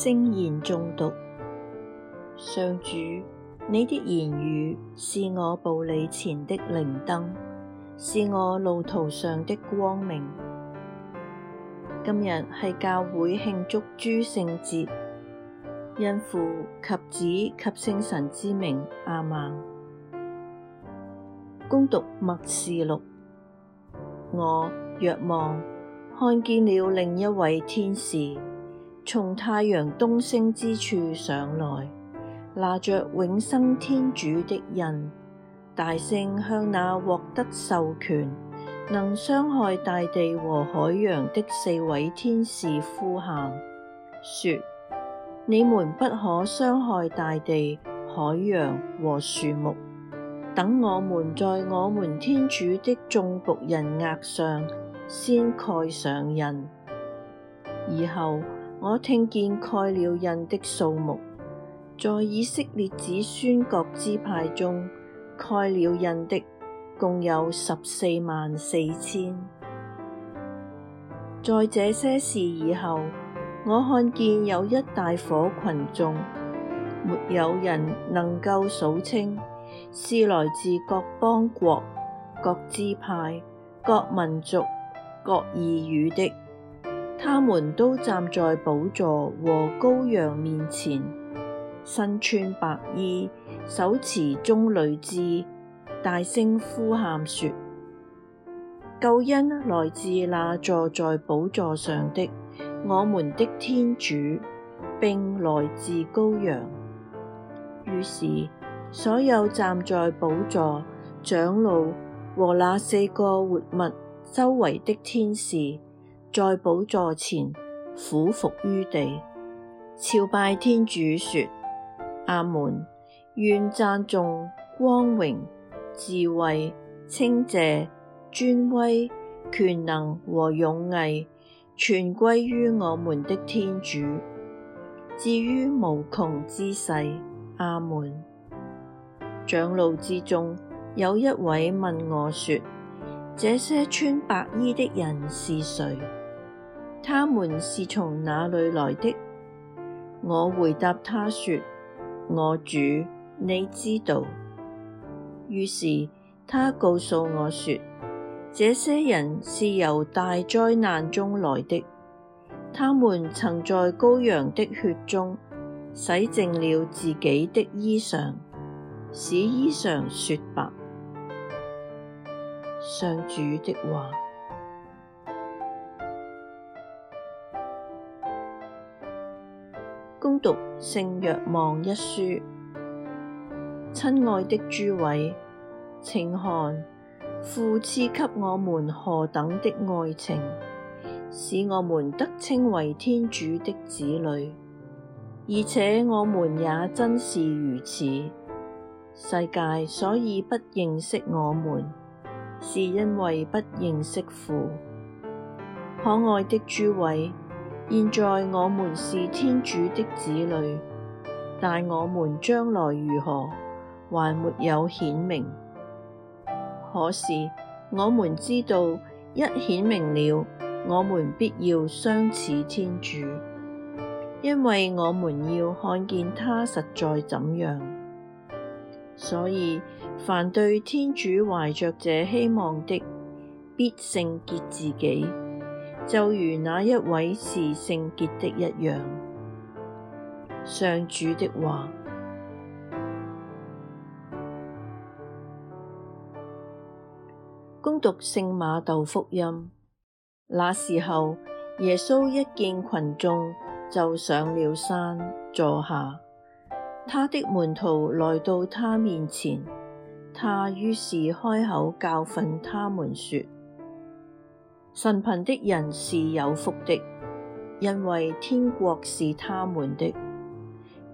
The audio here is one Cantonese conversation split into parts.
聖言誦讀。上主，你的言語是我步履前的靈燈，是我路途上的光明。今日係教會慶祝諸聖節，因父及子及聖神之名，阿門。恭讀默示錄。我若望看見了另一位天使。從太陽東升之處上來，拿着永生天主的印，大聲向那獲得授權能傷害大地和海洋的四位天使呼喊，說：你們不可傷害大地、海洋和樹木。等我們在我們天主的眾僕人額上先蓋上印，以後。我聽見蓋了印的數目，在以色列子孫各支派中，蓋了印的，共有十四萬四千。在這些事以後，我看見有一大伙群眾，沒有人能夠數清，是來自各邦國、各支派、各民族、各異語的。他們都站在寶座和羔羊面前，身穿白衣，手持棕櫚枝，大聲呼喊說：救恩來自那坐在寶座上的我們的天主，並來自羔羊。於是，所有站在寶座、長老和那四個活物周圍的天使。在寶座前，俯伏於地，朝拜天主說：阿門，願讚頌光榮、智慧、稱謝、尊威、權能和勇毅，全歸於我們的天主，至於無窮之世。阿門。長老之中，有一位問我說：這些穿白衣的人是誰？他們是從哪裡來的？我回答他說：我主，你知道。於是他告訴我說：這些人是由大災難中來的，他們曾在羔羊的血中洗淨了自己的衣裳，使衣裳雪白。上主的話。讀聖若望一書，親愛的諸位，請看，父賜給我們何等的愛情，使我們得稱為天主的子女，而且我們也真是如此。世界所以不認識我們，是因為不認識父。可愛的諸位。現在我們是天主的子女，但我們將來如何還沒有顯明。可是我們知道，一顯明了，我們必要相似天主，因為我們要看見他實在怎樣。所以，凡對天主懷着這希望的，必聖潔自己。就如那一位是聖潔的一樣。上主的話，恭讀聖馬竇福音。那時候，耶穌一見群眾，就上了山坐下。他的門徒來到他面前，他於是開口教訓他們說。神貧的人是有福的，因為天國是他們的；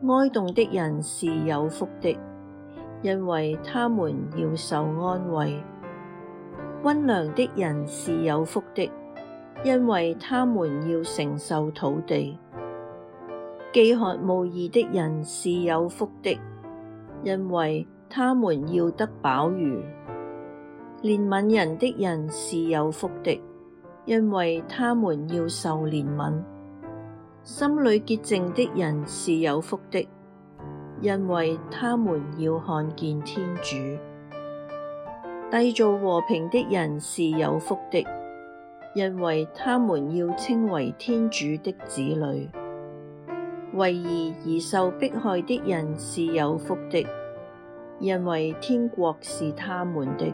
哀慟的人是有福的，因為他們要受安慰；溫良的人是有福的，因為他們要承受土地；飢渴慕義的人是有福的，因為他們要得飽飫；憐憫人的人是有福的。因為他們要受憐憫，心裡潔淨的人是有福的；因為他們要看見天主，締造和平的人是有福的；因為他們要稱為天主的子女，為義而，而受迫害的人是有福的；因為天國是他們的。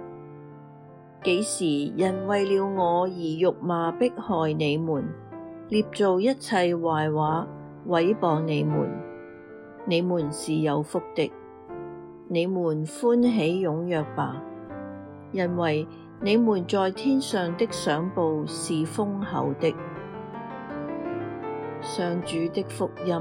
幾時人為了我而辱罵迫害你們，捏造一切壞話，毀謗你們。你們是有福的，你們歡喜踴躍吧，因為你們在天上的賞報是豐厚的。上主的福音。